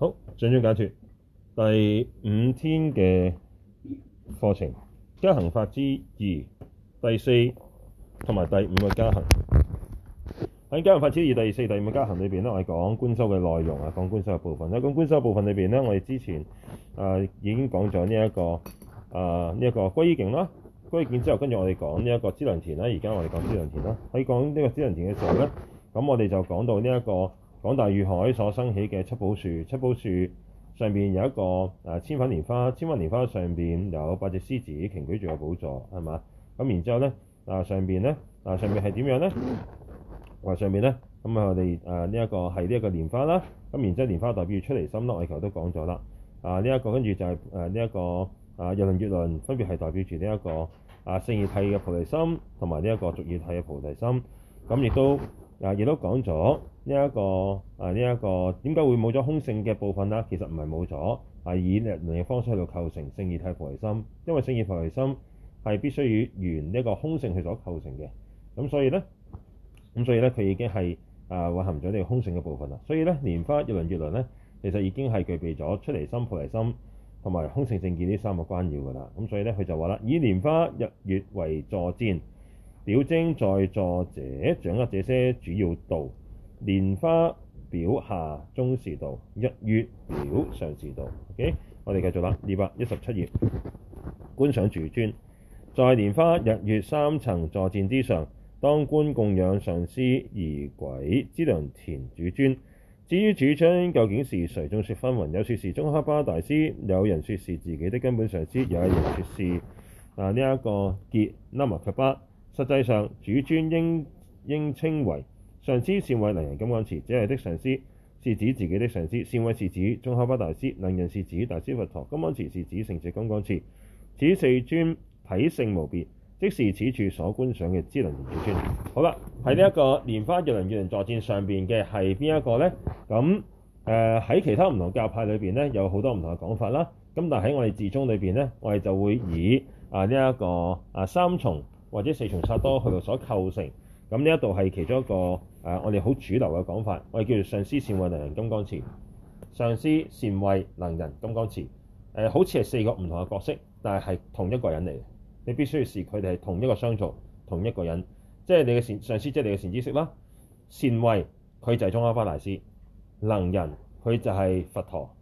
好，掌中解脫第五天嘅課程，加行法之二第四同埋第五個加行。喺加行法之二第四、第五個加行裏邊咧，我哋講觀修嘅內容啊，講觀修嘅部分咧。咁觀修部分裏邊咧，我哋之前啊、呃、已經講咗呢一個啊呢一個歸依境啦，歸依境之後跟住我哋講呢一個資糧田啦，而家我哋講資糧田啦。喺講呢個資糧田嘅時候咧，咁我哋就講到呢、這、一個，廣大如海所生起嘅七寶樹，七寶樹上邊有一個誒、啊、千瓣蓮花，千瓣蓮花上邊有八隻獅子，擎舉住個寶座，係嘛？咁然之後咧，啊上邊咧，啊上邊係點樣咧？啊、上面呢我上邊咧，咁啊我哋誒呢一個係呢一個蓮花啦，咁然之後蓮花代表出離心，我哋頭都講咗啦。啊呢一、這個跟住就係誒呢一個啊日輪月輪分別係代表住呢一個啊勝義諦嘅菩提心同埋呢一個俗義諦嘅菩提心，咁亦都。這個、啊，亦都講咗呢一個啊，呢一個點解會冇咗空性嘅部分啦？其實唔係冇咗，係以日輪方式去到構成勝義菩提心，因為勝義菩提心係必須以緣呢一個空性去所構成嘅。咁所以咧，咁所以咧，佢已經係啊，蘊、呃、含咗呢個空性嘅部分啦。所以咧，蓮花日輪月輪咧，其實已經係具備咗出離心菩提心同埋空性正見呢三個關要㗎啦。咁所以咧，佢就話啦，以蓮花日月為座墊。表徵在座者掌握這些主要道：蓮花表下、中士道，日、月表上士道。O.K. 我哋繼續啦，二百一十七頁觀想主尊，在蓮花日月三層座墊之上，當觀、供養上師、儀軌資糧田主尊。至於主尊究竟是誰？眾説紛紜，有説是宗喀巴大師，有人説是自己的根本上師，有人説是啊呢一、這個傑喇嘛卻巴。實際上，主尊應應稱為上師善慧能仁金剛持，這係的上師是指自己的上師，善慧是指宗喀巴大師，能仁是指大師佛陀，金剛持是指勝者金剛持。此四尊體性無別，即是此處所觀想嘅資糧田主尊。好啦，喺呢一個蓮花月輪月輪座墊上邊嘅係邊一個呢？咁誒喺其他唔同教派裏邊呢，有好多唔同嘅講法啦。咁但喺我哋自宗裏邊呢，我哋就會以啊呢一個啊三重。或者四重薩多去到所構成，咁呢一度係其中一個誒、呃，我哋好主流嘅講法，我哋叫做上師善慧能仁金剛持，上師善慧能仁金剛持，誒、呃，好似係四個唔同嘅角色，但係係同一個人嚟嘅。你必須要視佢哋係同一個相續，同一個人，即係你嘅善上師，即係你嘅善知識啦。善慧佢就係宗喀巴大師，能仁佢就係佛陀，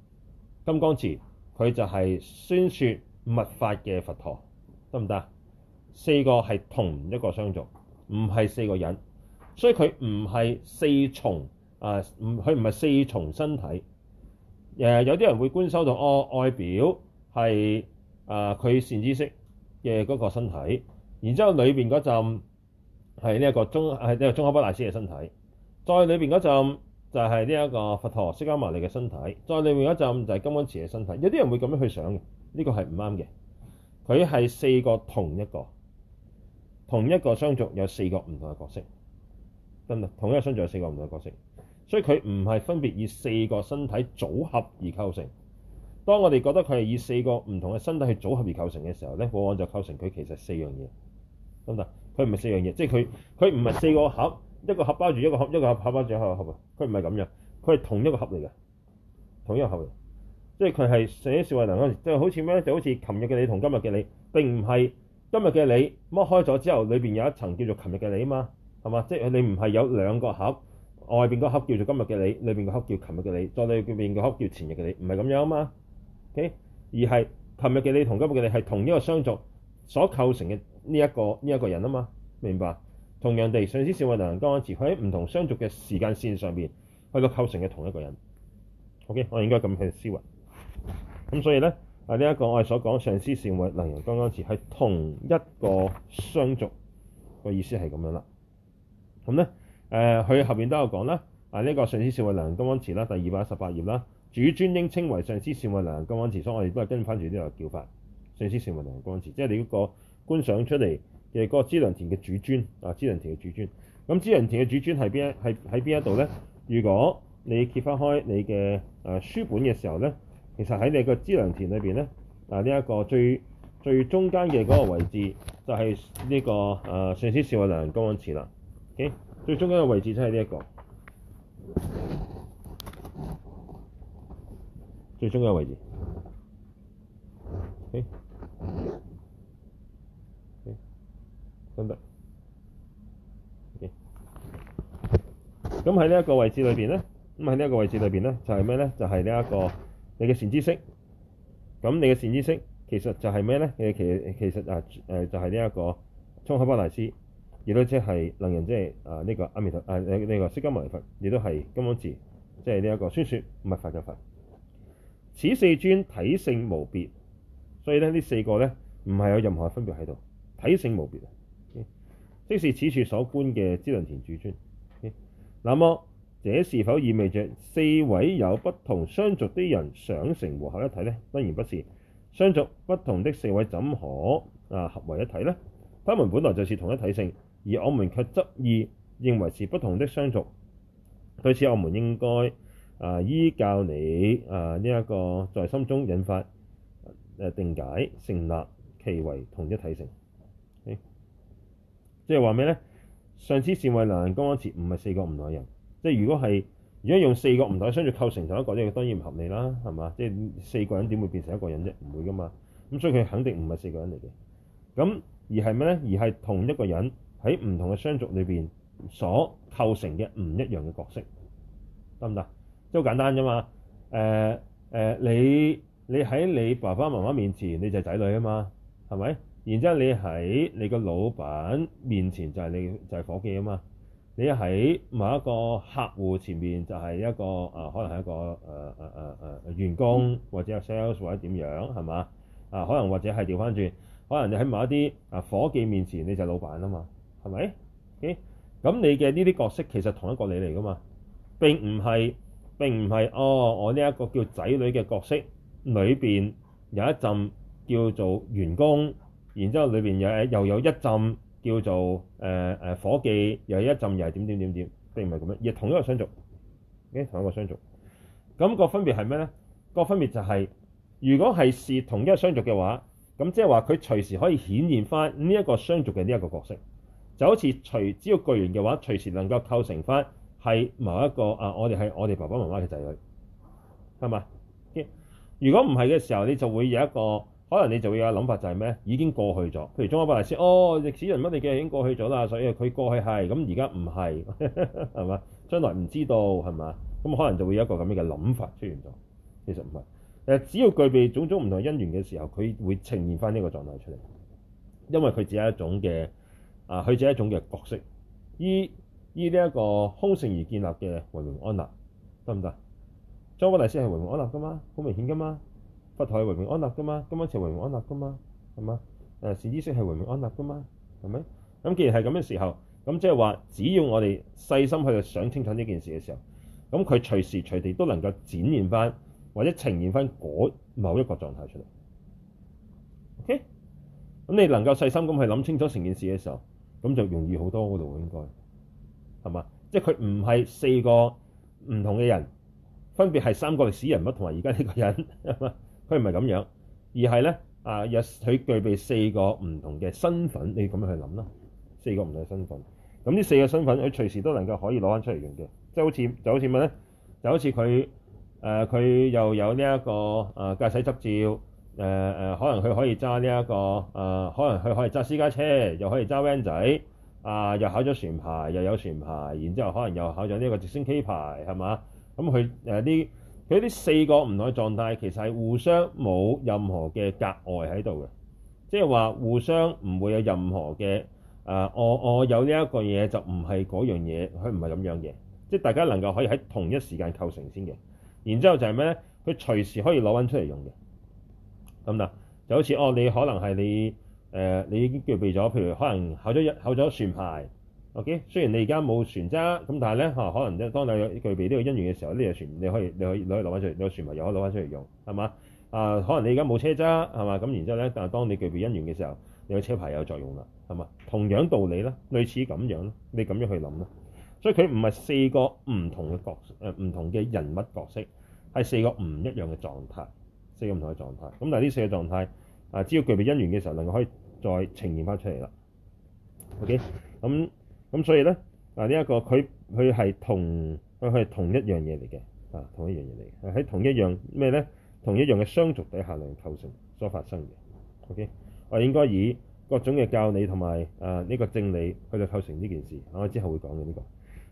金剛持佢就係宣說密法嘅佛陀，得唔得啊？四個係同一個相續，唔係四個人，所以佢唔係四重啊，唔佢唔係四重身體。誒、呃、有啲人會觀修到，哦外表係啊佢善知識嘅嗰個身體，然之後裏邊嗰陣係呢一個中係呢個宗喀巴大師嘅身體，再裏邊嗰陣就係呢一個佛陀釋迦牟尼嘅身體，再裏面嗰陣就係金剛持嘅身體。有啲人會咁樣去想嘅，呢、這個係唔啱嘅。佢係四個同一個。同一個相續有四個唔同嘅角色，真唔真？同一個相續有四個唔同嘅角色，所以佢唔係分別以四個身體組合而構成。當我哋覺得佢係以四個唔同嘅身體去組合而構成嘅時候咧，往往就構成佢其實四樣嘢，啱唔啱？佢唔係四樣嘢，即係佢佢唔係四個盒，一個盒包住一個盒，一個盒包住一個盒啊！佢唔係咁樣，佢係同一個盒嚟嘅，同一個盒嚟，即係佢係上師善慧能仁嗰陣時即係好似咩咧？就好似琴日嘅你同今日嘅你，並唔係。今日嘅你剝開咗之後，裏邊有一層叫做琴日嘅你啊嘛，係嘛？即係你唔係有兩個盒，外邊個盒叫做今日嘅你，裏邊個盒叫琴日嘅你，再裏邊個盒叫前日嘅你，唔係咁樣啊嘛。OK，而係琴日嘅你同今日嘅你係同一個相續所構成嘅呢一個呢一個人啊嘛，明白？同樣地，上師善慧能仁金剛持佢喺唔同相續嘅時間線上邊，佢個構成嘅同一個人。OK，我應該咁去思維。咁所以呢。啊！呢、這、一個我哋所講上師、善慧能仁、金剛持係同一個相續個意思係咁樣啦。咁咧，誒佢後邊都有講啦。啊！呢、啊、一、啊這個上師、善慧能仁、金剛持啦，第二百一十八頁啦，主尊應稱為上師、善慧能仁、金剛持，所以我哋都係跟翻住呢個叫法，上師、善慧能仁、金剛持，即係你嗰個觀想出嚟嘅嗰個資糧田嘅主尊啊，資糧田嘅主尊。咁資糧田嘅主尊係邊一係喺邊一度咧？如果你揭翻開你嘅誒、啊、書本嘅時候咧？其實喺你個資糧田裏邊咧，啊呢一個最最中間嘅嗰個位置就係呢、這個誒、啊、上師善慧能仁金剛持啦、OK? 這個。最中間嘅位置，即係呢一個最中間嘅位置。OK? 咁喺呢一個位置裏邊咧，咁喺呢一個位置裏邊咧，就係咩咧？就係呢一個。你嘅善知識，咁你嘅善知識其實就係咩咧？你其其實啊誒就係呢一個宗喀巴大師，亦都即係能人，即係啊呢個阿彌陀啊呢呢、呢個釋迦牟尼佛，亦都係金剛持，即係呢一個宣說密法嘅佛。此四尊體性無別，所以咧呢四個咧唔係有任何分別喺度，體性無別啊。即是此處所觀嘅資糧田主尊。咁啊。這是否意味著四位有不同相續的人想成和合一體呢？當然不是，相續不同的四位怎可啊合為一體呢？他們本來就是同一體性，而我們卻執意認為是不同的相續。對此，我們應該啊、呃、依教依理啊呢一個在心中引發誒、呃、定解，成立其為同一體性。Okay? 即係話咩呢？上師善慧能仁金剛持，唔係四個唔同嘅人。即係如果係，如果用四個唔同嘅相續構成同一個，即個當然唔合理啦，係嘛？即係四個人點會變成一個人啫？唔會噶嘛。咁所以佢肯定唔係四個人嚟嘅。咁而係咩咧？而係同一個人喺唔同嘅相續裏邊所構成嘅唔一樣嘅角色，得唔得？即係好簡單啫嘛。誒、呃、誒、呃，你你喺你爸爸媽媽面前你就係仔女啊嘛，係咪？然之後你喺你個老闆面前就係你就係、是、伙計啊嘛。你喺某一個客戶前面，就係一個啊、呃，可能係一個誒誒誒誒員工，或者有 sales 或者點樣係嘛？啊、呃呃呃呃呃，可能或者係調翻轉，可能你喺某一啲啊夥計面前你就係老闆啊嘛，係咪？咁、okay? 嗯、你嘅呢啲角色其實同一個你嚟噶嘛，並唔係並唔係哦，我呢一個叫仔女嘅角色裏邊有一陣叫做員工，然之後裏邊又又有一陣。叫做誒誒夥計又係一陣又係點點點點並唔係咁樣，亦同一個相續，誒、欸、同一個相續。咁、那個分別係咩咧？個分別就係、是、如果係是視同一個相續嘅話，咁即係話佢隨時可以顯現翻呢一個相續嘅呢一個角色，就好似隨只要巨猿嘅話，隨時能夠構成翻係某一個啊，我哋係我哋爸爸媽媽嘅仔女，係嘛、欸？如果唔係嘅時候，你就會有一個。可能你就會有諗法就係咩？已經過去咗。譬如宗喀巴大師，哦，歷史人物你嘅已經過去咗啦，所以佢過去係咁，而家唔係，係嘛？將來唔知道係嘛？咁可能就會有一個咁樣嘅諗法出現咗。其實唔係，誒，只要具備種種唔同因緣嘅時候，佢會呈現翻呢個狀態出嚟。因為佢只係一種嘅啊，佢只係一種嘅角色。依依呢一個空性而建立嘅唯名安立，得唔得？宗喀巴大師係唯名安立㗎嘛，好明顯㗎嘛。佛台唯名安立㗎嘛？金剛持唯名安立㗎嘛？係、呃、嘛？誒善知識係唯名安立㗎嘛？係咪？咁既然係咁嘅時候，咁即係話，只要我哋細心去想清楚呢件事嘅時候，咁佢隨時隨地都能夠展現返或者呈現返嗰某一個狀態出嚟。OK，咁你能夠細心咁去諗清楚成件事嘅時候，咁就容易好多嗰度應該係嘛？即係佢唔係四個唔同嘅人，分別係三個歷史人物同埋而家呢個人係嘛？佢唔係咁樣，而係咧啊！有佢具備四個唔同嘅身份，你要咁樣去諗咯。四個唔同嘅身份，咁呢四個身份佢隨時都能夠可以攞翻出嚟用嘅。即係好似就好似乜咧？就好似佢誒，佢、呃、又有呢、這、一個誒、呃、駕駛執照誒誒、呃，可能佢可以揸呢一個誒、呃，可能佢可以揸私家車，又可以揸 van 仔啊，又考咗船牌，又有船牌，然之後可能又考咗呢一個直升機牌，係嘛？咁佢誒呢？佢啲四個唔同嘅狀態，其實係互相冇任何嘅隔外喺度嘅。即係話互相唔會有任何嘅誒，我、呃、我、哦哦、有呢一個嘢就唔係嗰樣嘢，佢唔係咁樣嘅，即係大家能夠可以喺同一時間構成先嘅，然之後就係咩咧？佢隨時可以攞返出嚟用嘅。咁嗱，就好似哦，你可能係你誒、呃，你已經準備咗，譬如可能考咗一考咗船牌。O.K. 雖然你而家冇船揸，咁但係咧嚇，可能咧，當你有具備呢個因緣嘅時候，呢隻船你可以你可以攞嚟攞翻出嚟，你個船牌又可以攞翻出嚟用，係嘛？啊，可能你而家冇車揸，係嘛？咁然之後咧，但係當你具備因緣嘅時候，你個車牌有作用啦，係嘛？同樣道理啦，類似咁樣，你咁樣去諗啦。所以佢唔係四個唔同嘅角色，誒唔同嘅人物角色，係四個唔一樣嘅狀態，四個唔同嘅狀態。咁但係呢四個狀態啊，只要具備因緣嘅時候，能夠可以再呈現翻出嚟啦。O.K. 咁、嗯。咁所以咧，啊呢一、這個佢佢係同佢係同一樣嘢嚟嘅，啊同一樣嘢嚟嘅，喺同一樣咩咧？同一樣嘅相續底下嚟構成所發生嘅。OK，我應該以各種嘅教理同埋啊呢、這個正理，去到構成呢件事、啊。我之後會講嘅呢個。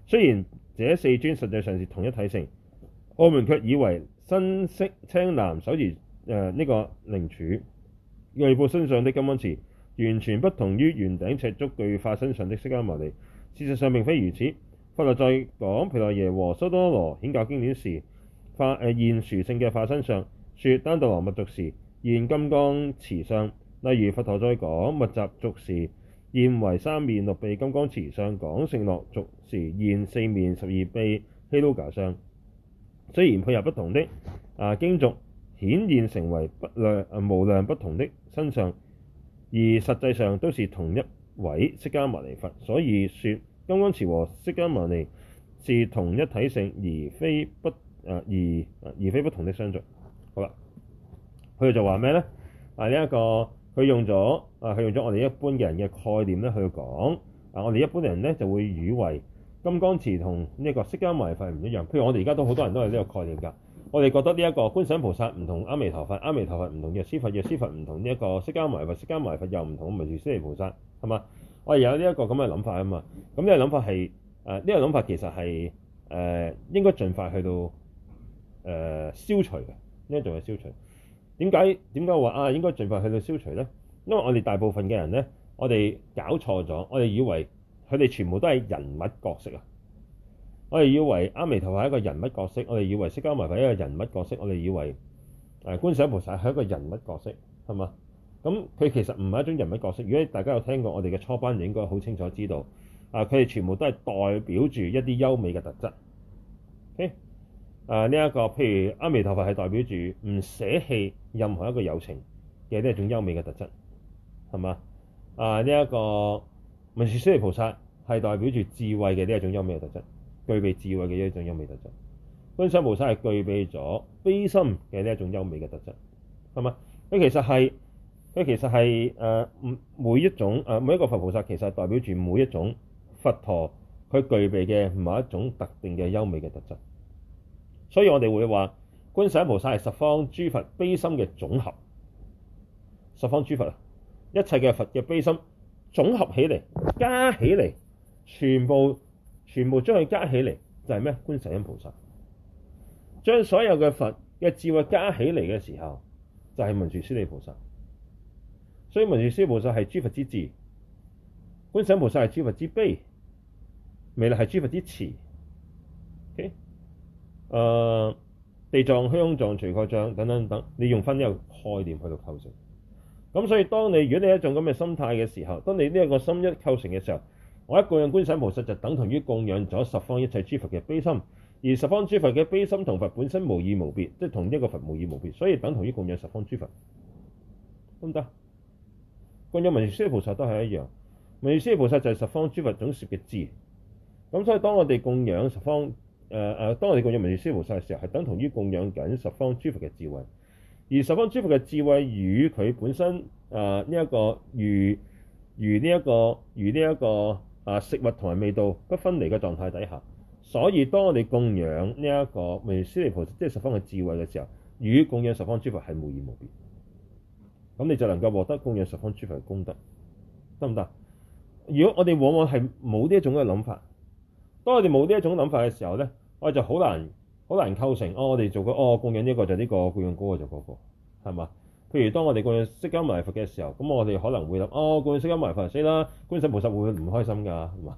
雖然這四尊實際上是同一體性，我們卻以為身色青藍手持誒呢個鈴杵，具報身上的金剛持。完全不同於圓頂赤足具化身相的釋迦牟尼。事實上並非如此。佛在講毘奈耶和修多羅顯教經典時，發誒、呃、現殊勝嘅化身相，説怛特羅密續時現金剛持相，例如佛陀在講密集續時現為三面六臂金剛持相，講勝樂續時現四面十二臂嘿汝嘎相。雖然配合不同的啊經續顯現成為不量啊無量不同的身相。而實際上都是同一位釋迦牟尼佛，所以說金剛持和釋迦牟尼是同一體性，而非不誒、呃、而而非不同的相續。好啦，佢哋就話咩咧？啊，呢、這、一個佢用咗啊，佢用咗我哋一般嘅人嘅概念咧去講。啊，我哋一般人咧就會以為金剛持同呢一個釋迦牟尼佛係唔一樣。譬如我哋而家都好多人都係呢個概念㗎。我哋覺得呢一個觀想菩薩唔同阿彌陀佛，阿彌陀佛唔同藥師佛，藥師佛唔同呢一個釋迦牟尼佛，釋迦牟尼佛又唔同文殊師利菩薩，係、這個、嘛？我哋有呢一個咁嘅諗法啊嘛。咁、呃、呢、這個諗法係誒，呢個諗法其實係誒、呃、應該盡快去到誒、呃、消除嘅，呢仲係消除。點解點解話啊？應該盡快去到消除咧、啊？因為我哋大部分嘅人咧，我哋搞錯咗，我哋以為佢哋全部都係人物角色啊。我哋以為阿彌陀佛係一個人物角色，我哋以為釋迦牟尼佛係一個人物角色，我哋以為誒觀世音菩薩係一個人物角色，係嘛？咁佢其實唔係一種人物角色。如果大家有聽過我哋嘅初班，你應該好清楚知道啊！佢哋全部都係代表住一啲優美嘅特質。誒、okay? 啊，呢、這、一個譬如阿彌陀佛係代表住唔捨棄任何一個友情嘅呢一種優美嘅特質，係嘛？啊，呢、這、一個文殊師利菩薩係代表住智慧嘅呢一種優美嘅特質。具備智慧嘅一種優美特質，觀想菩薩係具備咗悲心嘅呢一種優美嘅特質，係咪？佢其實係佢其實係誒、呃、每一種誒、呃、每一個佛菩薩其實代表住每一種佛陀佢具備嘅某一種特定嘅優美嘅特質，所以我哋會話觀想菩薩係十方諸佛悲心嘅總合，十方諸佛一切嘅佛嘅悲心總合起嚟加起嚟全部。全部將佢加起嚟就係、是、咩？觀世音菩薩將所有嘅佛嘅智慧加起嚟嘅時候，就係文殊師利菩薩。所以文殊師利菩薩係諸佛之智，觀世音菩薩係諸佛之悲，彌勒係諸佛之慈。誒、okay? 呃，地藏、香藏、除蓋障等等等等，你用翻呢個概念去到構成。咁所以，當你如果你一種咁嘅心態嘅時候，當你呢一個心一構成嘅時候，我一個人觀想菩薩就等同於供養咗十方一切諸佛嘅悲心，而十方諸佛嘅悲心同佛本身無異無別，即係同一個佛無異無別，所以等同於供養十方諸佛，得唔得？供養文殊菩薩都係一樣，文殊菩薩就係十方諸佛總攝嘅智。咁所以當我哋供養十方誒誒、呃，當我哋供養文殊菩薩嘅時候，係等同於供養緊十方諸佛嘅智慧，而十方諸佛嘅智慧與佢本身誒呢一個與與呢一個與呢一個。啊！食物同埋味道不分離嘅狀態底下，所以當我哋供養呢一個未如釋迦牟尼佛即係十方嘅智慧嘅時候，與供養十方諸佛係無二無別，咁你就能夠獲得供養十方諸佛嘅功德，得唔得？如果我哋往往係冇呢一種嘅諗法，當我哋冇呢一種諗法嘅時候咧，我哋就好難好難構成哦，我哋做個哦供養呢個就呢、這個，供養嗰個就嗰、那個，係嘛？譬如當我哋觀音釋迦埋佛嘅時候，咁我哋可能會諗：哦，觀音釋迦埋佛先啦。觀世菩薩會唔開心㗎？係 嘛？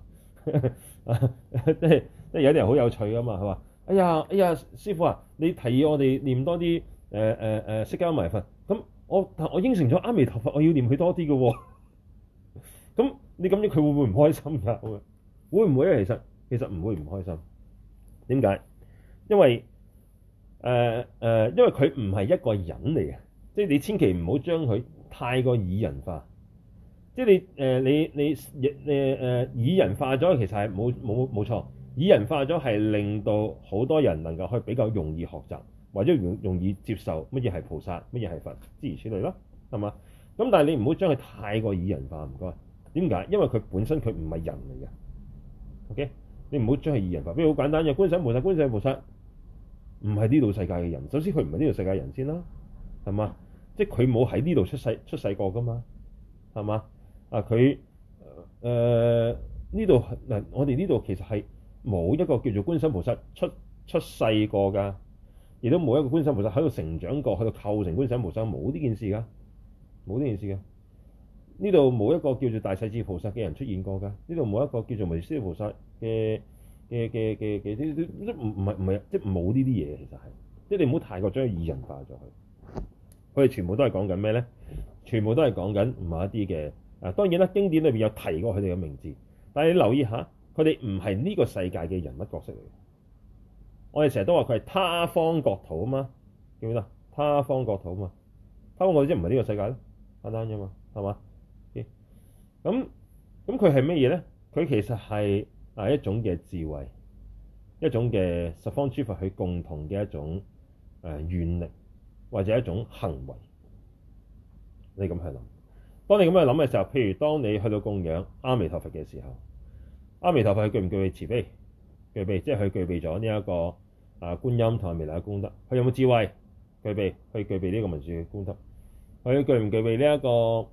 即係即係有啲人好有趣㗎嘛。佢話：哎呀，哎呀，師傅啊，你提議我哋念多啲誒誒誒釋迦埋佛。咁我我應承咗阿彌陀佛，我要念佢多啲嘅喎。咁 你咁樣佢會唔會唔開心㗎？會唔會啊？其實其實唔會唔開心。點解？因為誒誒、呃呃，因為佢唔係一個人嚟嘅。即係你千祈唔好將佢太過擬人化，即係你誒你你誒誒擬人化咗，其實係冇冇冇錯。擬人化咗係令到好多人能夠去比較容易學習，或者容容易接受乜嘢係菩薩，乜嘢係佛，諸如此類咯，係嘛？咁但係你唔好將佢太過擬人化，唔該。點解？因為佢本身佢唔係人嚟嘅。OK，你唔好將佢擬人化，比如好簡單嘅觀世菩薩，觀世菩薩唔係呢度世界嘅人，首先佢唔係呢度世界人先啦，係嘛？即係佢冇喺呢度出世出世過噶嘛，係嘛？啊，佢誒呢度嗱，我哋呢度其實係冇一個叫做觀世菩薩出出世過噶，亦都冇一個觀世菩薩喺度成長過，喺度構成觀世菩薩，冇呢件事噶，冇呢件事嘅。呢度冇一個叫做大勢至菩薩嘅人出現過㗎，呢度冇一個叫做文殊菩薩嘅嘅嘅嘅嘅，唔唔係唔係，即係冇呢啲嘢其實係，即係你唔好太過將佢擬人化咗去。佢哋全部都係講緊咩咧？全部都係講緊唔係一啲嘅。啊、呃，當然啦，經典裏邊有提過佢哋嘅名字，但係你留意下，佢哋唔係呢個世界嘅人物角色嚟。我哋成日都話佢係他方國土啊嘛，記唔記得？他方國土啊嘛，他方國土即唔係呢個世界咧，簡單啫嘛，係、嗯、嘛？咁咁佢係乜嘢咧？佢其實係啊一種嘅智慧，一種嘅十方諸佛佢共同嘅一種誒願、呃呃、力。或者一種行為，你咁去諗。當你咁去諗嘅時候，譬如當你去到供養阿彌陀佛嘅時候，阿彌陀佛佢具唔具備慈悲？具備，即係佢具備咗呢一個啊觀音同埋彌勒嘅功德。佢有冇智慧？具備，佢具備呢個文殊嘅功德。佢具唔具備呢一、這個誒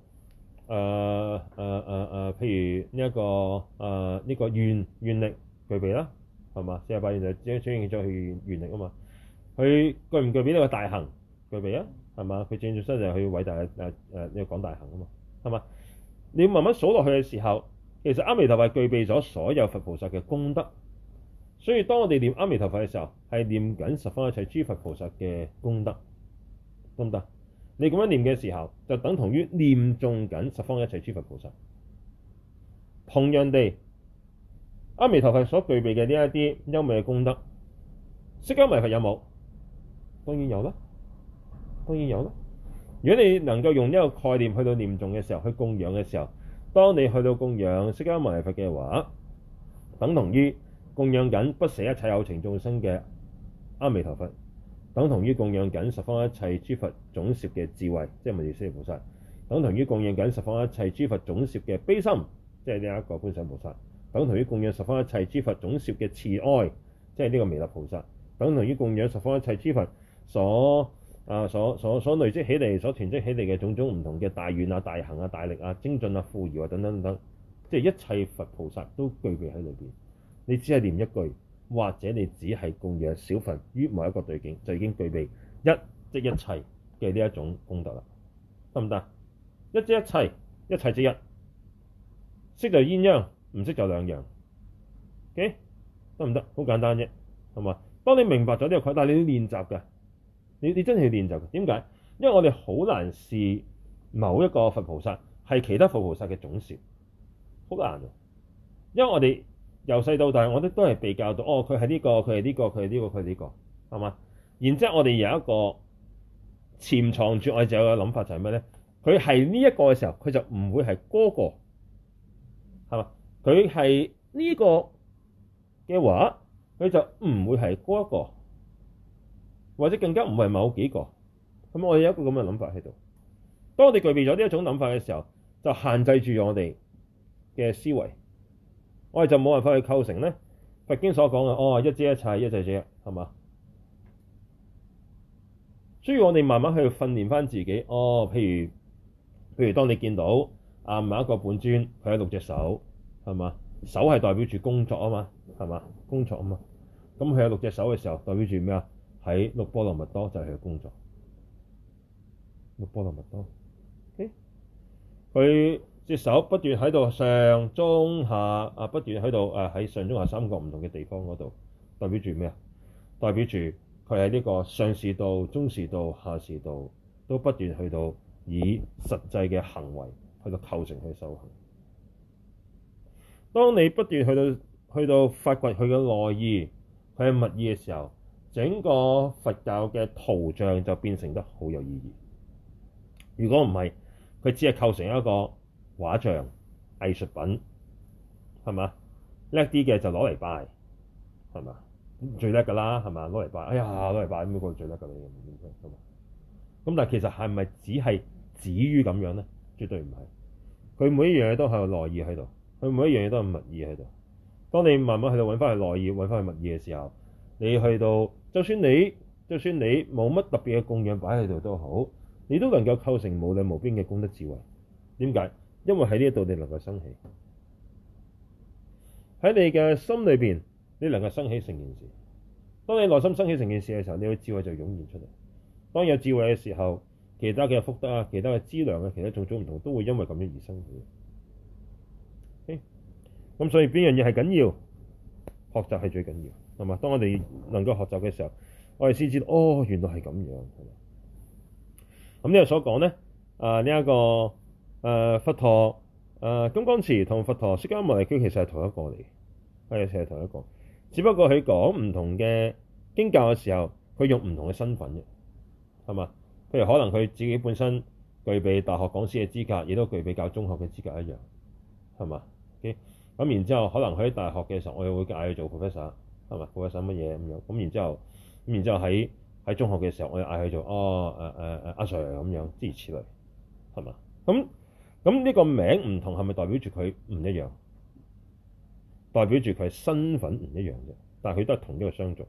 誒誒誒？譬如呢、這、一個誒呢、呃這個願願力，具備啦，係嘛？四十八願就專專用作願願力啊嘛。佢具唔具備呢個大行？具備啊，係、呃呃這個、嘛？佢正正身就係佢偉大嘅誒誒呢個廣大行啊嘛，係嘛？你要慢慢數落去嘅時候，其實阿彌陀佛具備咗所有佛菩薩嘅功德，所以當我哋念阿彌陀佛嘅時候，係念緊十方一切諸佛菩薩嘅功德得唔得？你咁樣念嘅時候，就等同於念中緊十方一切諸佛菩薩。同樣地，阿彌陀佛所具備嘅呢一啲優美嘅功德，釋迦牟尼佛有冇？當然有啦。當然有啦。如果你能夠用呢個概念去到念重嘅時候，去供養嘅時候，當你去到供養釋迦牟尼佛嘅話，等同於供養緊不捨一切有情眾生嘅阿彌陀佛，等同於供養緊十方一切諸佛總攝嘅智慧，即係文殊師利菩薩，等同於供養緊十方一切諸佛總攝嘅悲心，即係呢一個觀世音菩薩，等同於供養十方一切諸佛總攝嘅慈愛，即係呢個彌勒菩薩，等同於供養十方一,一,一切諸佛所，所。啊！所所所累積起嚟、所囤積起嚟嘅種種唔同嘅大願啊、大行啊、大力啊、精進啊、富饒、啊、等等等等，即係一切佛菩薩都具備喺裏邊。你只係念一句，或者你只係供養少分於某一個對境，就已經具備一即一切嘅呢一種功德啦。得唔得？一即一切，一切即一。識就鴛鴦，唔識就兩樣。OK，得唔得？好簡單啫，係嘛？當你明白咗呢個，但係你都練習㗎。你你真係要練習，點解？因為我哋好難視某一個佛菩薩係其他佛菩薩嘅總攝，好難。因為我哋由細到大，我哋都係被教到，哦，佢係呢個，佢係呢個，佢係呢個，佢係呢個，係嘛、這個？然之後我哋有一個潛藏住我哋嘅諗法就係咩咧？佢係呢一個嘅時候，佢就唔會係嗰個，係嘛？佢係呢個嘅話，佢就唔會係嗰個。或者更加唔係某幾個咁，我哋有一個咁嘅諗法喺度。當我哋具備咗呢一種諗法嘅時候，就限制住我哋嘅思維。我哋就冇辦法去構成咧佛經所講嘅哦一知一切一盡知，係嘛？所以我哋慢慢去訓練翻自己。哦，譬如譬如，當你見到啊某一個本尊佢有六隻手，係嘛？手係代表住工作啊嘛，係嘛？工作啊嘛。咁佢有六隻手嘅時候，代表住咩啊？喺六波羅蜜多就係佢嘅工作。六波羅蜜多，佢隻 Okay. 手不斷喺度上、中、下啊，不斷喺度誒喺上、中、下三個唔同嘅地方嗰度，代表住咩啊？代表住佢喺呢個上士道、中士道、下士道都不斷去到以實際嘅行為去到構成佢修行。當你不斷去到去到發掘佢嘅內意，佢嘅物意嘅時候。整個佛教嘅圖像就變成得好有意義。如果唔係，佢只係構成一個畫像藝術品，係嘛？叻啲嘅就攞嚟拜，係嘛？最叻㗎啦，係嘛？攞嚟拜，哎呀，攞嚟拜，邊個最叻㗎？你唔點聽認識咁？咁但係其實係咪只係止於咁樣咧？絕對唔係。佢每一樣嘢都係有內意喺度，佢每一樣嘢都係密意喺度。當你慢慢喺度揾翻佢內意，揾翻佢密意嘅時候，你去到。就算你，就算你冇乜特別嘅供養擺喺度都好，你都能夠構成無量無邊嘅功德智慧。點解？因為喺呢一度你能夠生起，喺你嘅心裏邊你能夠生起成件事。當你內心生起成件事嘅時候，你嘅智慧就湧現出嚟。當有智慧嘅時候，其他嘅福德啊，其他嘅資糧啊，其他種種唔同都會因為咁樣而生起。咁所以邊樣嘢係緊要？學習係最緊要。係嘛？當我哋能夠學習嘅時候，我哋先知道哦，原來係咁樣。咁呢、呃這個所講咧，啊呢一個誒佛陀誒金剛持同佛陀釋迦牟尼經其實係同一個嚟，係啊，其實係同一個，只不過佢講唔同嘅經教嘅時候，佢用唔同嘅身份啫。係嘛？譬如可能佢自己本身具備大學講師嘅資格，亦都具備教中學嘅資格一樣。係嘛？OK，咁然之後可能佢喺大學嘅時候，我又會嗌佢做 professor。係嘛？佢想乜嘢咁樣咁？然之後咁，然之後喺喺中學嘅時候，我哋嗌佢做哦誒誒阿 Sir 咁樣，諸如此類，係嘛？咁咁呢個名唔同，係咪代表住佢唔一樣？代表住佢身份唔一樣嘅，但係佢都係同一個相續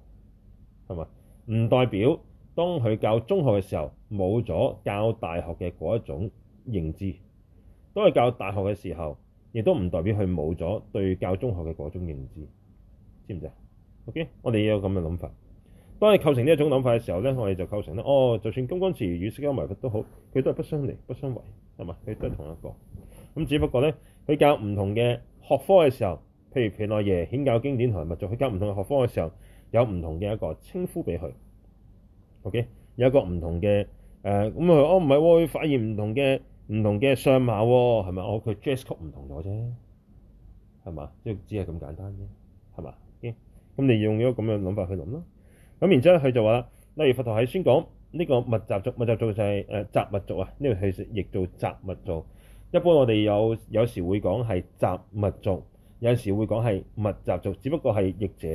係嘛？唔代表當佢教中學嘅時候冇咗教大學嘅嗰一種認知。當佢教大學嘅時候，亦都唔代表佢冇咗對教中學嘅嗰種認知，知唔知啊？OK，我哋要有咁嘅諗法。當你構成呢一種諗法嘅時候咧，我哋就構成咧，哦，就算金剛持與釋迦牟尼都好，佢都係不相離、不相違，係咪？佢都係同一個。咁只不過咧，佢教唔同嘅學科嘅時候，譬如譬如毘奈耶顯教經典物教同埋密續，佢教唔同嘅學科嘅時候，有唔同嘅一個稱呼俾佢。OK，有一個唔同嘅誒，咁、呃、啊，哦唔係喎，佢、哦、發現唔同嘅唔同嘅上下喎、哦，係咪？我佢 dress code 唔同咗啫，係嘛？都只係咁簡單啫，係嘛？咁你用咗咁樣諗法去諗咯。咁然之後佢就話啦，例如佛陀喺宣講呢個密集續，密集續就係誒集密續啊。呢度係譯做集密續。一般我哋有有時會講係集密續，有時會講係密集續，只不過係譯者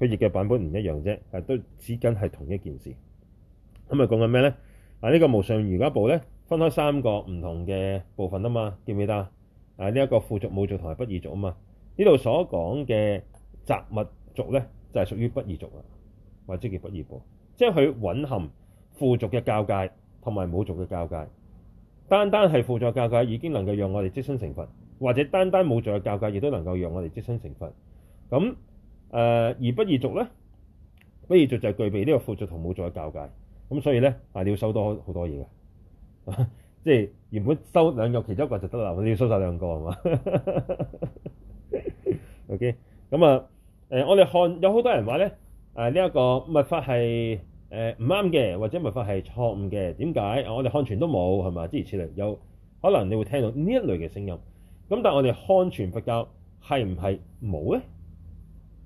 佢譯嘅版本唔一樣啫，但都只緊係同一件事。咁啊講緊咩咧？啊、這、呢個無上瑜伽部咧分開三個唔同嘅部分啊嘛，記唔記得啊？啊呢一個父續、母續同埋不二續啊嘛。呢度所講嘅集密。族咧就係、是、屬於不二族啊，或者叫不二部，即係佢蘊含父族嘅交界同埋母族嘅交界。單單係父族嘅交界已經能夠讓我哋即身成佛，或者單單母族嘅交界亦都能夠讓我哋即身成佛。咁、嗯、誒而不二族咧，不二族就係具備呢個父族同母族嘅交界。咁、嗯、所以咧，但你要多收多好多嘢㗎， 即係原本收兩個，其中一個就得啦，你要收晒兩個係嘛？O K，咁啊。 okay, 誒、呃，我哋看有好多人話咧，誒呢一個密法係誒唔啱嘅，或者密法係錯誤嘅，點解、呃？我哋看傳都冇係嘛？之前嚟有，可能你會聽到呢一類嘅聲音。咁但係我哋看傳佛教，係唔係冇咧？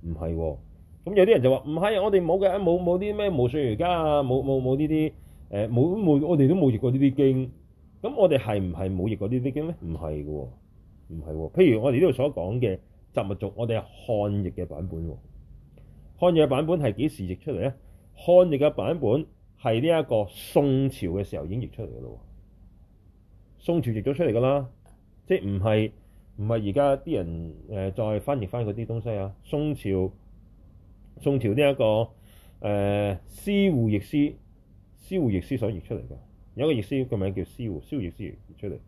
唔係、哦。咁、嗯、有啲人就話唔係，我哋冇嘅，冇冇啲咩無上瑜伽啊，冇冇冇呢啲誒冇冇，我哋都冇譯過呢啲經。咁我哋係唔係冇譯過呢啲經咧？唔係嘅喎，唔係喎。譬如我哋呢度所講嘅。集密續，我哋係漢譯嘅版本。漢譯嘅版本係幾時譯出嚟咧？漢譯嘅版本係呢一個宋朝嘅時候已經譯出嚟嘅咯。宋朝譯咗出嚟噶啦，即係唔係唔係而家啲人誒再翻譯返嗰啲東西啊？宋朝宋朝呢、這、一個誒施、呃、護譯師，施護譯師所譯出嚟嘅，有一個譯師個名叫施護，施護譯師譯出嚟。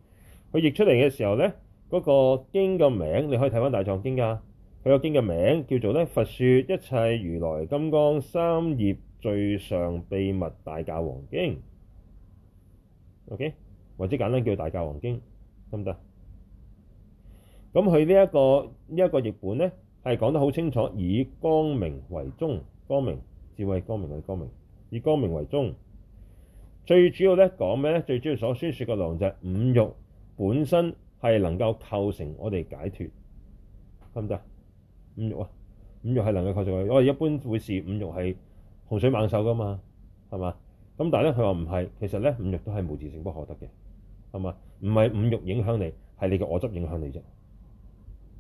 佢譯出嚟嘅時候咧。嗰個經嘅名，你可以睇翻《大藏經》噶，佢個經嘅名叫做咧《佛説一切如來金剛三業最上秘密大教王經》，OK，或者簡單叫《大教王經》得唔得？咁佢、這個這個、呢一個呢一個譯本咧，係講得好清楚，以光明為宗，光明、智慧光明嘅光明，以光明為宗。最主要咧講咩咧？最主要所宣説嘅內容就係五欲本身。係能夠構成我哋解脫，得唔得？五慾啊，五慾係能夠構成我哋。一般會視五慾係洪水猛獸噶嘛，係嘛？咁但係咧，佢話唔係，其實咧五慾都係無自性不可得嘅，係嘛？唔係五慾影響你，係你嘅我執影響你啫，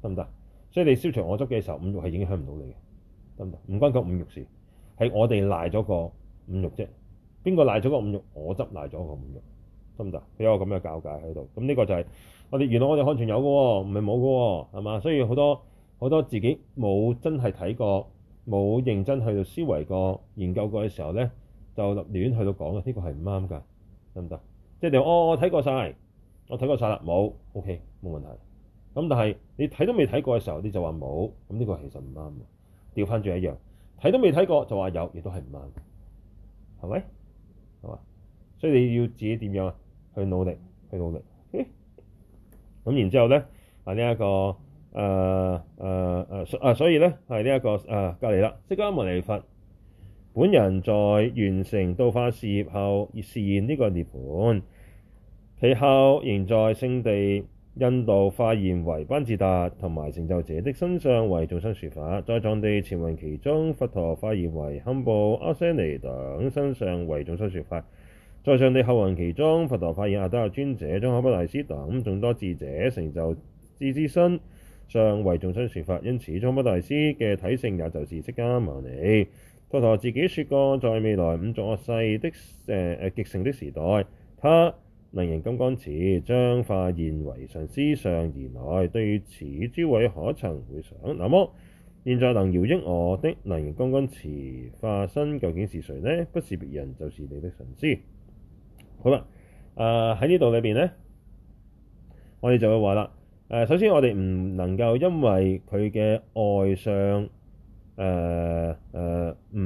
得唔得？所以你消除我執嘅時候，五慾係影響唔到你嘅，得唔得？唔關顧五慾事，係我哋賴咗個五慾啫。邊個賴咗個五慾？我執賴咗個五慾。得唔得？有個咁嘅教界喺度，咁呢個就係我哋原來我哋看全有嘅喎、哦，唔係冇嘅喎，係嘛？所以好多好多自己冇真係睇過，冇認真去到思維過、研究過嘅時候咧，就立亂去到講啊，呢個係唔啱㗎，得唔得？即係你話我睇過晒，我睇過晒啦，冇，OK，冇問題。咁但係你睇都未睇過嘅時候，你就話冇，咁呢個其實唔啱。調翻轉一樣，睇都未睇過就話有，亦都係唔啱，係咪？係嘛？所以你要自己點樣啊？去努力，去努力。咁然之後咧，係呢一個誒誒誒，所以咧係呢一、這個誒、呃、隔離啦。釋迦牟尼佛本人在完成道化事業後示現呢個涅槃，其後仍在聖地印度化現為班智達同埋成就者的身上為眾生說法，在藏地前聞其中，佛陀化現為堪布阿奢尼等身上為眾生說法。在上帝後雲其中，佛陀發現阿底峽尊者、宗喀巴大師等眾多智者成就智之身，上為眾生説法。因此，宗喀巴大師嘅體性也就是釋迦牟尼。佛陀自己説過，在未來五濁惡世的誒誒、呃、極盛的時代，他能仁金剛持將化現為神師上而來。對此，諸位可曾回想？那麼，現在能饒益我的能仁金剛持化身究竟是誰呢？不是別人，就是你的神師。好啦，誒、呃、喺呢度裏邊咧，我哋就會話啦，誒、呃、首先我哋唔能夠因為佢嘅外相誒誒唔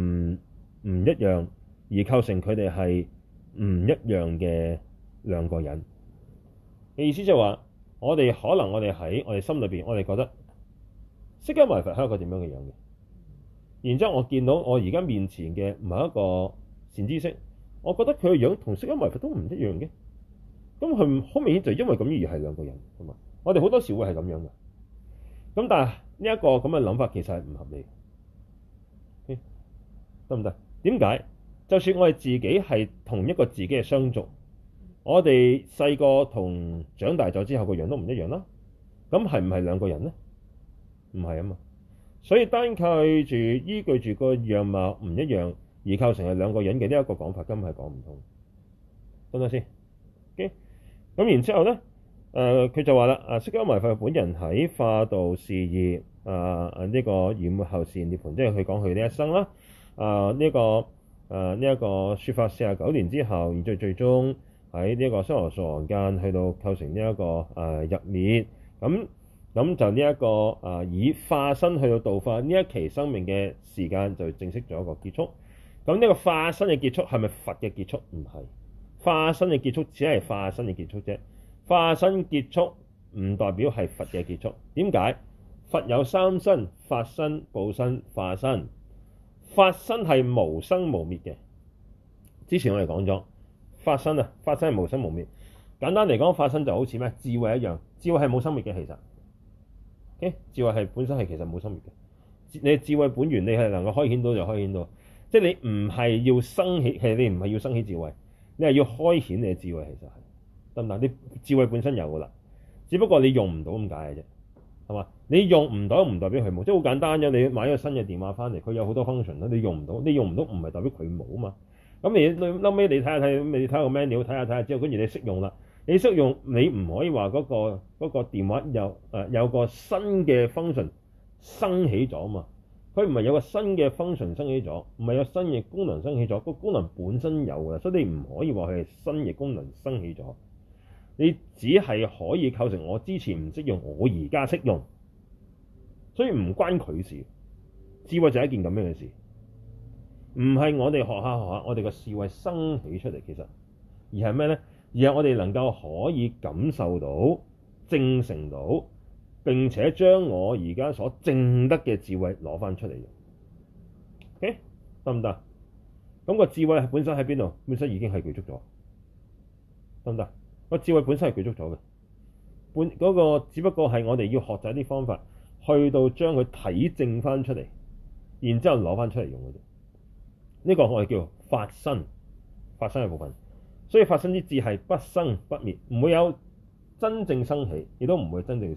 唔一樣，而構成佢哋係唔一樣嘅兩個人。嘅意思就係話，我哋可能我哋喺我哋心裏邊，我哋覺得釋迦牟尼佛係一個點樣嘅樣嘅，然之後我見到我而家面前嘅唔係一個善知識。我覺得佢嘅樣同色一埋都唔一樣嘅，咁佢好明顯就因為咁而係兩個人，係嘛？我哋好多時會係咁樣嘅，咁但係呢一個咁嘅諗法其實係唔合理，得唔得？點解？就算我哋自己係同一個自己嘅相續，我哋細個同長大咗之後個樣都唔一樣啦，咁係唔係兩個人呢？唔係啊嘛，所以單靠住依據住個樣貌唔一樣。而構成係兩個人嘅呢一個講法根本係講唔通。等等先咁、OK? 然之後咧，誒、呃、佢就話啦，啊釋迦牟尼佛本人喺化道事業啊呢、呃這個圓滿後世涅槃，即係佢講佢呢一生啦。啊、呃、呢、這個啊呢一個説、這個、法四十九年之後，而最最終喺呢一個娑羅雙樹間去到構成呢、這、一個誒、呃、入滅。咁、嗯、咁、嗯、就呢、這、一個啊、呃、以化身去到道化呢一期生命嘅時間就正式做一個結束。咁呢個化身嘅結束係咪佛嘅結束？唔係化身嘅結束，只係化身嘅結束啫。化身結束唔代表係佛嘅結束。點解？佛有三身：法身、報身、化身。法身係無生無滅嘅。之前我哋講咗法身啊，法身係無生無滅。簡單嚟講，法身就好似咩智慧一樣，智慧係冇生滅嘅。其實，嘅、okay? 智慧係本身係其實冇生滅嘅。你智慧本源，你係能夠開顯到就開顯到。即係你唔係要生起，係你唔係要生起智慧，你係要開顯你嘅智慧，其實係得唔得？你智慧本身有噶啦，只不過你用唔到咁解嘅啫，係嘛？你用唔到唔代表佢冇，即係好簡單啫。你買咗個新嘅電話翻嚟，佢有好多 function 啦，你用唔到，你用唔到唔係代表佢冇啊嘛。咁你到後尾你睇下睇，你睇個 manual 睇下睇下，下，下之後，跟住你識用啦。你識用你唔可以話嗰、那個嗰、那個電話有誒、呃、有個新嘅 function 生起咗啊嘛。佢唔係有個新嘅 function 升起咗，唔係有新嘅功能升起咗，個功能，功能本身有嘅，所以你唔可以話佢係新嘅功能升起咗。你只係可以構成我之前唔識用，我而家識用，所以唔關佢事。智慧就係一件咁樣嘅事，唔係我哋學下學下，我哋個智慧生起出嚟，其實而係咩呢？而係我哋能夠可以感受到、正誠到。並且將我而家所證得嘅智慧攞翻出嚟用，OK 得唔得？咁個智慧本身喺邊度？本身已經係具足咗，得唔得？個智慧本身係具足咗嘅，半嗰個只不過係我哋要學習啲方法，去到將佢體證翻出嚟，然之後攞翻出嚟用嘅啫。呢個我哋叫法身，法身嘅部分，所以法身之智係不生不滅，唔會有真正生起，亦都唔會真正。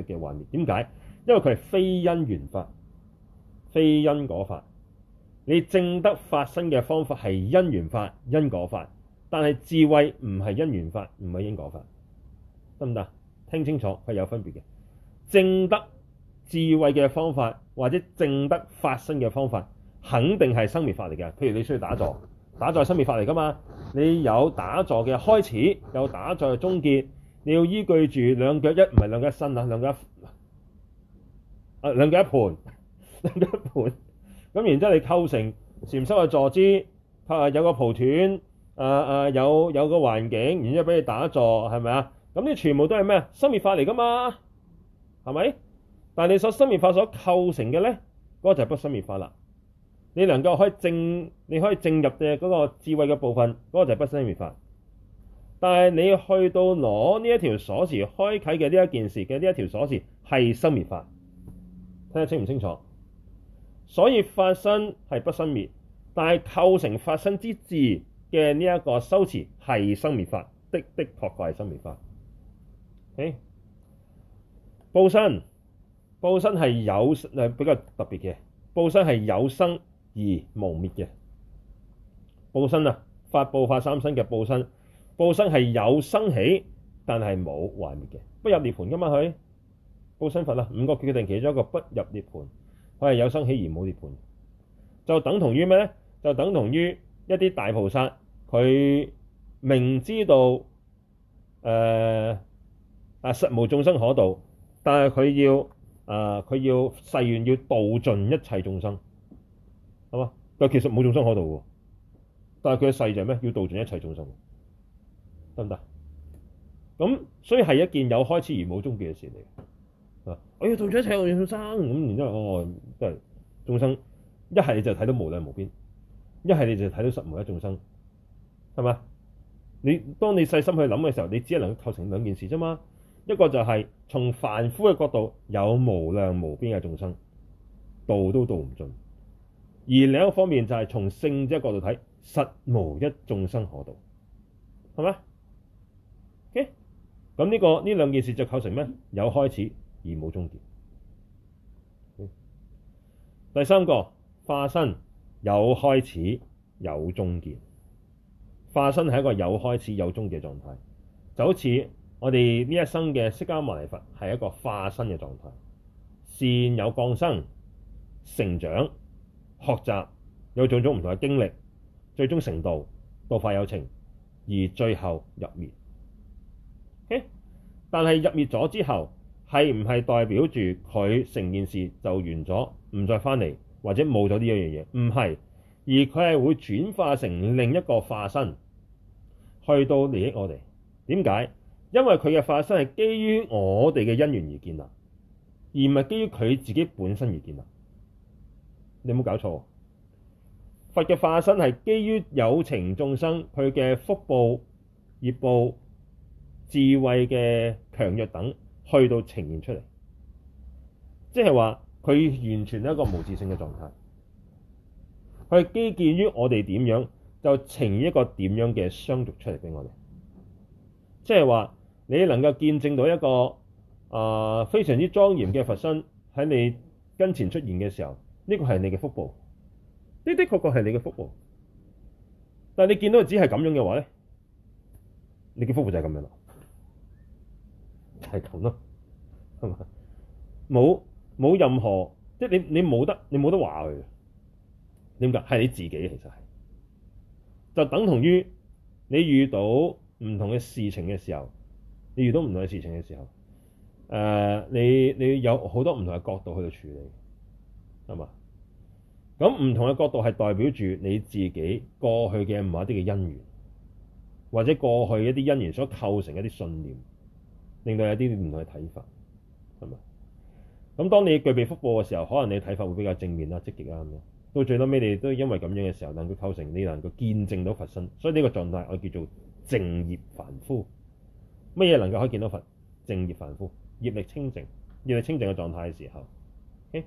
嘅嘅幻滅，點解？因為佢係非因緣法，非因果法。你正德發生嘅方法係因緣法，因果法，但係智慧唔係因緣法，唔係因果法，得唔得？聽清楚，係有分別嘅。正德智慧嘅方法或者正德發生嘅方法，肯定係生滅法嚟嘅。譬如你需要打坐，打坐係生滅法嚟噶嘛？你有打坐嘅開始，有打坐嘅終結。你要依據住兩腳一唔係兩腳一伸啊，兩腳一啊兩腳一盤，兩腳一盤。咁然之後你構成禪修嘅坐姿，拍下有個蒲團，啊啊有有個環境，然之後俾你打坐，係咪啊？咁呢全部都係咩？生滅法嚟㗎嘛？係咪？但係你所生滅法所構成嘅咧，嗰個就係不生滅法啦。你能夠可以正，你可以正入嘅嗰個智慧嘅部分，嗰個就係不生滅法。但係你去到攞呢一條鎖匙開啓嘅呢一件事嘅呢一條鎖匙係生滅法，聽得清唔清楚？所以發生係不生滅，但係構成發生之字嘅呢一個修辭係生滅法，的的確確係生滅法。誒、okay？報身，報身係有誒比較特別嘅，報身係有生而無滅嘅，報身啊，法報法三身嘅報身。報身係有生起，但係冇壞滅嘅，不入涅盤㗎嘛，佢報身佛啊，五個決定其中一個不入涅盤，佢係有生起而冇涅盤，就等同於咩咧？就等同於一啲大菩薩，佢明知道誒誒、呃、實無眾生可度，但係佢要誒佢、呃、要誓願要度盡一切眾生，係嘛？但其實冇眾生可度嘅，但係佢嘅誓就係咩？要度盡一切眾生。得唔得？咁、嗯、所以係一件有開始而冇終結嘅事嚟、哎。啊！我要度盡一切有情眾生，咁然之後我我即係眾生，一係你就睇到無量無邊，一係你就睇到實無一眾生，係咪？你當你細心去諗嘅時候，你只係能夠構成兩件事啫嘛。一個就係、是、從凡夫嘅角度有無量無邊嘅眾生，度都度唔盡；而另一個方面就係從聖者角度睇，實無一眾生可度，係咪？咁呢、個呢兩件事就構成咩？有開始而冇終結、嗯。第三個化身有開始有終結，化身係一個有開始有終結狀態，就好似我哋呢一生嘅釋迦牟尼佛係一個化身嘅狀態，善有降生、成長、學習，有種種唔同嘅經歷，最終成道，度化有情，而最後入滅。但係入滅咗之後，係唔係代表住佢成件事就完咗，唔再翻嚟，或者冇咗呢樣嘢？唔係，而佢係會轉化成另一個化身，去到利益我哋。點解？因為佢嘅化身係基於我哋嘅因緣而建立啊，而唔係基於佢自己本身而建立啊。你有冇搞錯，佛嘅化身係基於有情眾生佢嘅福報、業報。智慧嘅強弱等去到呈現出嚟，即係話佢完全係一個無自性嘅狀態。佢基建於我哋點樣就呈現一個點樣嘅相續出嚟俾我哋。即係話你能夠見證到一個啊、呃、非常之莊嚴嘅佛身喺你跟前出現嘅時候，呢、這個係你嘅福報。呢、這個、的的確確係你嘅福報。但係你見到只係咁樣嘅話咧，你嘅福報就係咁樣啦。就係咁咯，係嘛？冇冇任何，即係你你冇得你冇得話佢嘅，點解？係你自己其實係，就等同於你遇到唔同嘅事情嘅時候，你遇到唔同嘅事情嘅時候，誒、呃，你你有好多唔同嘅角度去到處理，係嘛？咁唔同嘅角度係代表住你自己過去嘅某一啲嘅姻緣，或者過去一啲姻緣所構成一啲信念，令到有啲唔同嘅睇法，係咪？咁當你具備福報嘅時候，可能你睇法會比較正面啦、積極啦咁咯。到最嬲尾，你都因為咁樣嘅時候，能夠構成你能夠見證到佛身。所以呢個狀態我叫做正業凡夫。乜嘢能夠可以見到佛？正業凡夫，業力清淨、業力清淨嘅狀態嘅時候，誒，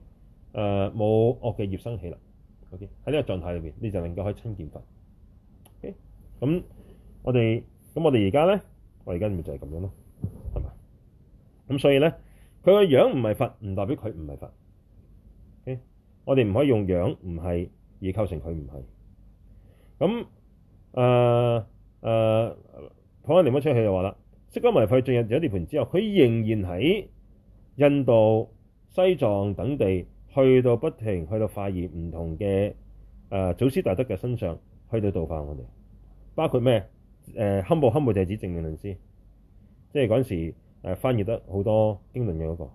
冇惡嘅業生起啦。OK，喺呢個狀態裏邊，你就能夠可以親見佛。咁、okay? 我哋咁我哋而家咧，我而家咪就係咁樣咯。咁 Das em pre cha 所以咧，佢個樣唔係佛，唔代表佢唔係佛。Okay? 我哋唔可以用樣唔係而構成佢唔係。咁誒誒，普安尼摩出去就話啦，釋迦牟尼佛進入咗涅槃之後，佢仍然喺印度、西藏等地去到不停，去到發現唔同嘅誒、呃、祖師大德嘅身上，去到度化我哋。包括咩？誒、呃，堪布、堪布弟子、靜命論師，即係嗰陣時。誒翻譯得好多經論嘅嗰個，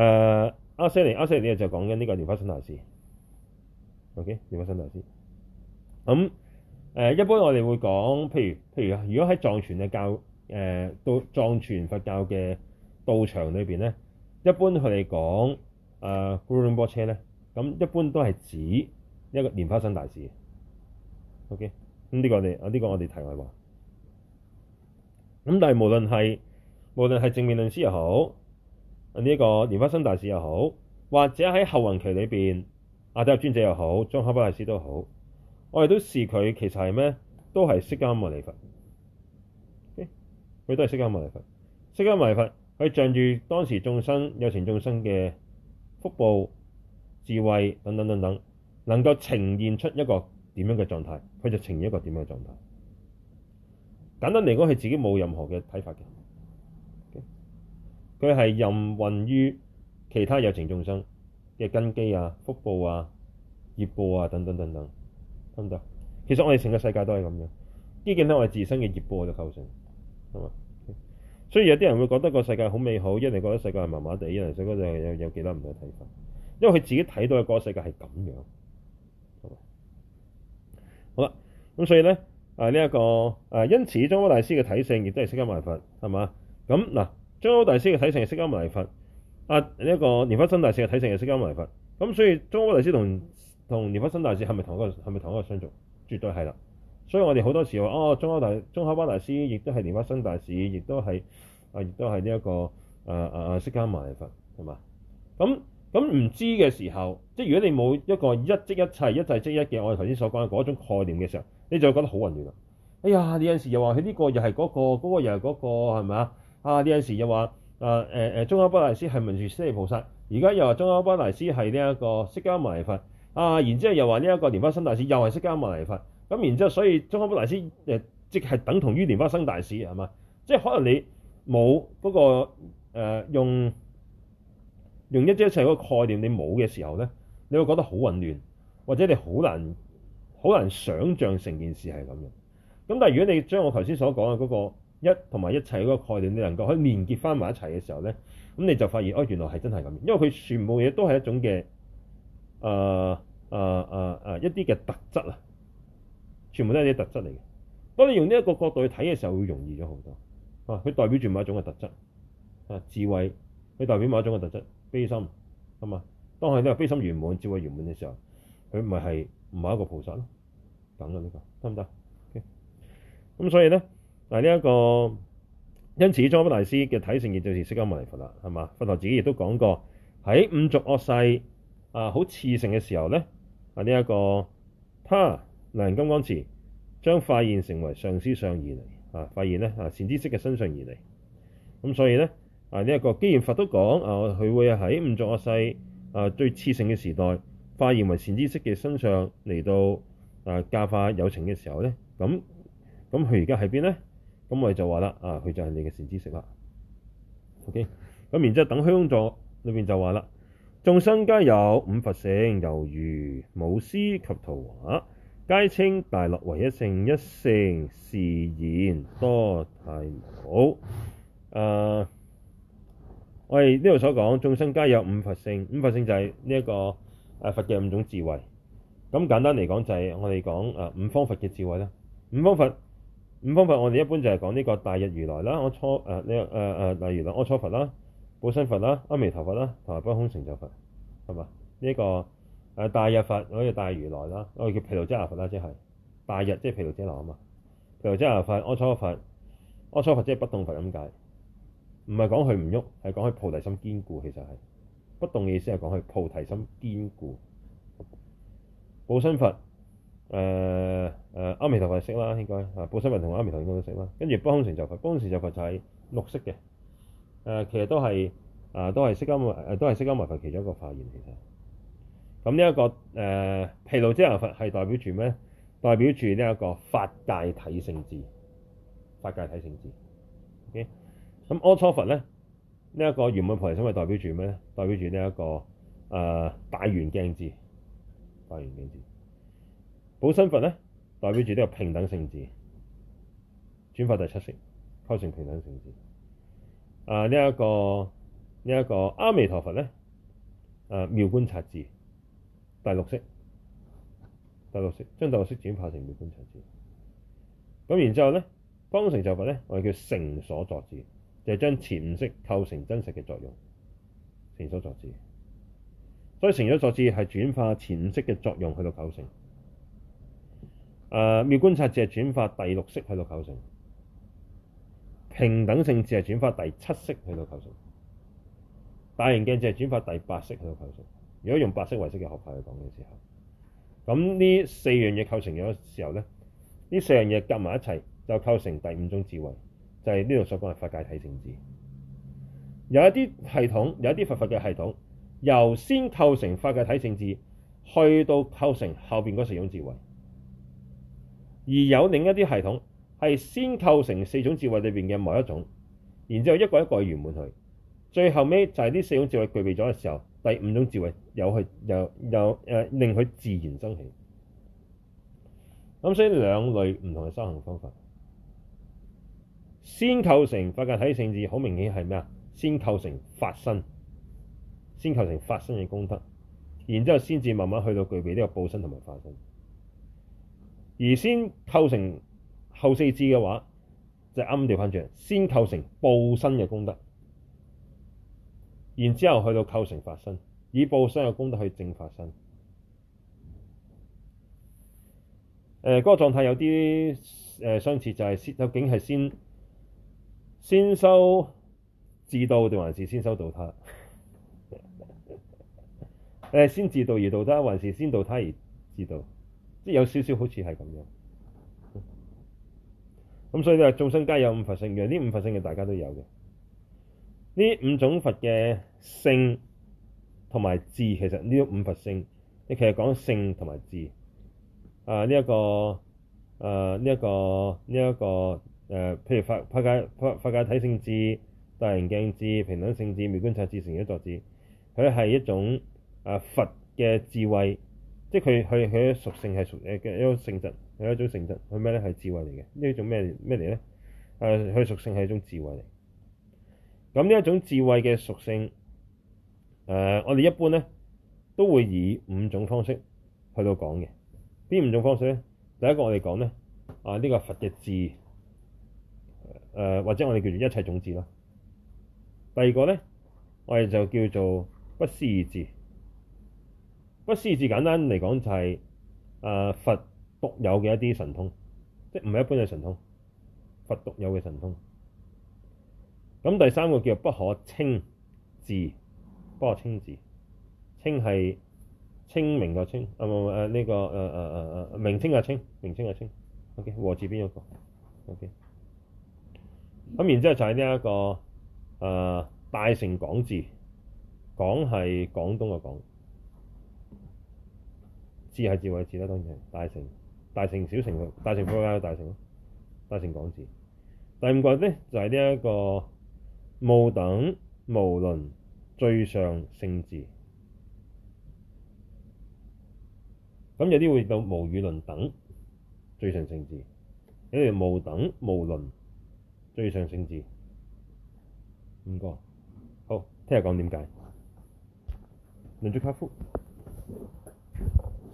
誒阿西尼阿西尼，咧就講緊呢個蓮花生大師，OK 蓮花生大師，咁誒一般我哋會講，譬如譬如，如果喺藏傳嘅教誒道藏傳佛教嘅道場裏邊咧，一般佢哋講誒古魯仁波切咧，咁一般都係指一個蓮花生大師，OK 咁呢個我哋呢個我哋題外話，咁但係無論係。無論係正面論師又好，呢、這個蓮花生大師又好，或者喺後弘期裏邊阿底峽尊者又好，宗喀巴大師都好，我哋都視佢其實係咩？都係釋迦牟尼佛，佢、欸、都係釋迦牟尼佛。釋迦牟尼佛佢仗住當時眾生有情眾生嘅福報、智慧等等等等，能夠呈現出一個點樣嘅狀態，佢就呈現一個點樣嘅狀態。簡單嚟講，係自己冇任何嘅睇法嘅。佢係任運於其他有情眾生嘅根基啊、福報啊、業報啊等等等等，得唔得？其實我哋成個世界都係咁樣，畢竟咧我哋自身嘅業報就構成，係嘛？所以有啲人會覺得個世界好美好，有人覺得世界係麻麻地，有人就覺得有有幾多唔同嘅睇法，因為佢自己睇到嘅個世界係咁樣，係咪？好啦，咁所以咧，誒呢一個誒、啊，因此宗喀巴大師嘅體性亦都係釋迦牟尼佛，係嘛？咁嗱。中喀巴大師嘅體性係釋迦牟尼佛啊，呢、這、一個蓮花生大士嘅體性係釋迦牟尼佛咁，所以中喀巴大師同同蓮花生大士係咪同一個係咪同一個相續？絕對係啦。所以我哋好多時候，哦，宗喀大宗喀巴大師亦都係蓮花生大士，亦都係啊，亦都係呢一個啊啊釋迦牟尼佛，係嘛？咁咁唔知嘅時候，即係如果你冇一個一即一切，一即即一嘅我哋頭先所講嘅嗰種概念嘅時候，你就會覺得好混亂啊！哎呀，你有陣時又話佢呢個又係嗰、那個，嗰、這個又係嗰、那個，係咪啊？啊！有、這、陣、個、時又話誒誒誒，宗喀巴大師係文殊師利菩薩，而家又話宗喀巴大師係呢一個釋迦牟尼佛。啊，然之後又話呢一個蓮花生大師又係釋迦牟尼佛。咁然之後，所以宗喀巴大師誒即係等同於蓮花生大師，係咪？即係可能你冇嗰、那個、呃、用用一即一世嗰個概念，你冇嘅時候咧，你會覺得好混亂，或者你好難好難想像成件事係咁樣。咁但係如果你將我頭先所講嘅嗰個一同埋一齊嗰個概念，你能夠可以連結翻埋一齊嘅時候咧，咁你就發現哦、哎，原來係真係咁。因為佢全部嘢都係一種嘅誒誒誒誒一啲嘅特質啊，全部都係一啲特質嚟嘅。當你用呢一個角度去睇嘅時候，會容易咗好多。啊，佢代表住某一種嘅特質，啊智慧，佢代表某一種嘅特質，悲心啊嘛。當佢呢個悲心圓滿、智慧圓滿嘅時候，佢唔係係唔係一個菩薩咯？咁啊，呢、呢個得唔得？咁、okay。所以咧。嗱呢一個，因此宗大師嘅體性賢就是釋迦牟尼佛啦，係嘛？佛陀自己亦都講過喺五濁惡世啊，啊，好熾盛嘅時候咧，啊呢一個他靈金剛持將化現成為上師上而嚟啊！化現咧啊，善知識嘅身上而嚟。咁所以咧啊呢一個，既然佛都講啊，佢會喺五濁惡世啊最熾盛嘅時代化現為善知識嘅身上嚟到啊教化有情嘅時候咧，咁咁佢而家喺邊咧？咁我哋就話啦，啊，佢就係你嘅善知識啦。OK，咁然之後等香座裏邊就話啦，眾生皆有五佛性，猶如舞師及圖畫，皆稱大樂為一性一性，是然多太無。誒，我哋呢度所講眾生皆有五佛性，五佛性就係呢一個誒、啊、佛嘅五種智慧。咁簡單嚟講就係我哋講誒五方佛嘅智慧啦，五方佛。五方佛，我哋一般就係講呢個大日如來啦，我初誒呢誒誒，例如來阿閦佛啦、寶生佛啦、阿彌陀佛啦同埋不空成就佛，係嘛？呢個誒大日佛，那個、叫 aer, 我叫大如來啦，我叫毗盧遮那佛啦，即係大日即係毗盧遮那啊嘛，毗盧遮那佛，阿閦佛，阿閦佛即係不動佛咁解，唔係講佢唔喐，係講佢菩提心堅固，其實係不動嘅意思係講佢菩提心堅固，寶生佛。誒誒、呃啊，阿彌陀佛識啦，應該啊，報身佛同阿彌陀應該都識啦。跟住不空成就佛，不空成就佛就係綠色嘅。誒、呃，其實都係啊、呃，都係釋迦、呃，都係釋迦文佛其中一個化現其實。咁呢一個誒，毗盧遮那佛係代表住咩？代表住呢一個法界體性智。法界體性智 O K。咁、okay? 阿、嗯、閦佛咧，呢、這、一個原本菩提心係代表住咩咧？代表住呢一個誒大圓鏡智。大、呃、圓鏡智。寶生佛咧，代表住呢個平等性智轉化第七識，構成平等性智。啊，呢、這、一個呢一、這個阿彌陀佛咧，啊妙觀察智第六識，第六識將第六識轉化成妙觀察智。咁然之後咧，方成就佛咧，我哋叫成所作智，就係、是、將前五識構成真實嘅作用成所作智。所以成所作智係轉化前五識嘅作用去到構成。誒、呃、妙觀察智係轉發第六識去到構成，平等性智係轉發第七識去到構成，大圓鏡智係轉發第八識去到構成。如果用白色為識嘅學派去講嘅時候，咁呢四樣嘢構成嘅時候咧，呢四樣嘢夾埋一齊就構成第五種智慧，就係呢度所講嘅法界體性智。有一啲系統，有一啲佛法嘅系統，由先構成法界體性智，去到構成後邊嗰四種智慧。而有另一啲系統係先構成四種智慧裏邊嘅某一種，然之後一個一個圓滿去，最後尾就係呢四種智慧具備咗嘅時候，第五種智慧有去又又誒令佢自然生起。咁所以兩類唔同嘅修行方法，先構成法界體性智，好明顯係咩啊？先構成法身，先構成法身嘅功德，然之後先至慢慢去到具備呢個報身同埋化身。而先構成後四智嘅話，就啱調翻轉，先構成報身嘅功德，然之後去到構成法身，以報身嘅功德去證法身。誒、呃，嗰、那個狀態有啲誒相似，就係、是、究竟係先先修自度定還是先修度他？誒、呃，先自度而度他，還是先度他而自度？即有少少好似係咁樣，咁、嗯、所以咧，眾生皆有五佛性。嘅。呢五佛性嘅大家都有嘅。呢五種佛嘅性同埋智，其實呢五佛性，你其實講性同埋智。啊、呃，呢一個，啊、呃，呢一個，呢一個，誒，譬如佛、法界、法界體性智、大圓鏡智、平等性智、妙觀察智、成所作智，佢係一種啊、呃、佛嘅智慧。即係佢佢佢啲屬性係屬誒嘅一種性質，係一種性質係咩咧？係智慧嚟嘅，呢一種咩咩嚟咧？誒，佢屬性係一種智慧嚟。咁呢一種智慧嘅屬性，誒、呃、我哋一般咧都會以五種方式去到講嘅。邊五種方式咧？第一個我哋講咧，啊、呢、這個佛嘅智誒、呃、或者我哋叫做一切種智啦。第二個咧，我哋就叫做不思議智。不思字簡單嚟講就係、是、誒、呃、佛獨有嘅一啲神通，即係唔係一般嘅神通，佛獨有嘅神通。咁第三個叫做不可稱字，不可稱字，稱係清明嘅清，唔唔唔，呢、這個誒誒誒誒，明清嘅清，明清嘅清。O、OK? K，和字邊一個？O K。咁、OK? 然之後就係呢一個誒、呃、大城廣字，廣係廣東嘅廣。字係字位字啦，當然係大城大城小城嘅大城，放喺大城咯。大城港字，第五個就是這個咧，就係呢一個無等無倫最上聖字。咁有啲會到無與倫等最上聖字，有啲叫無等無倫最上聖字。五個好，聽日講點解？兩張卡夫。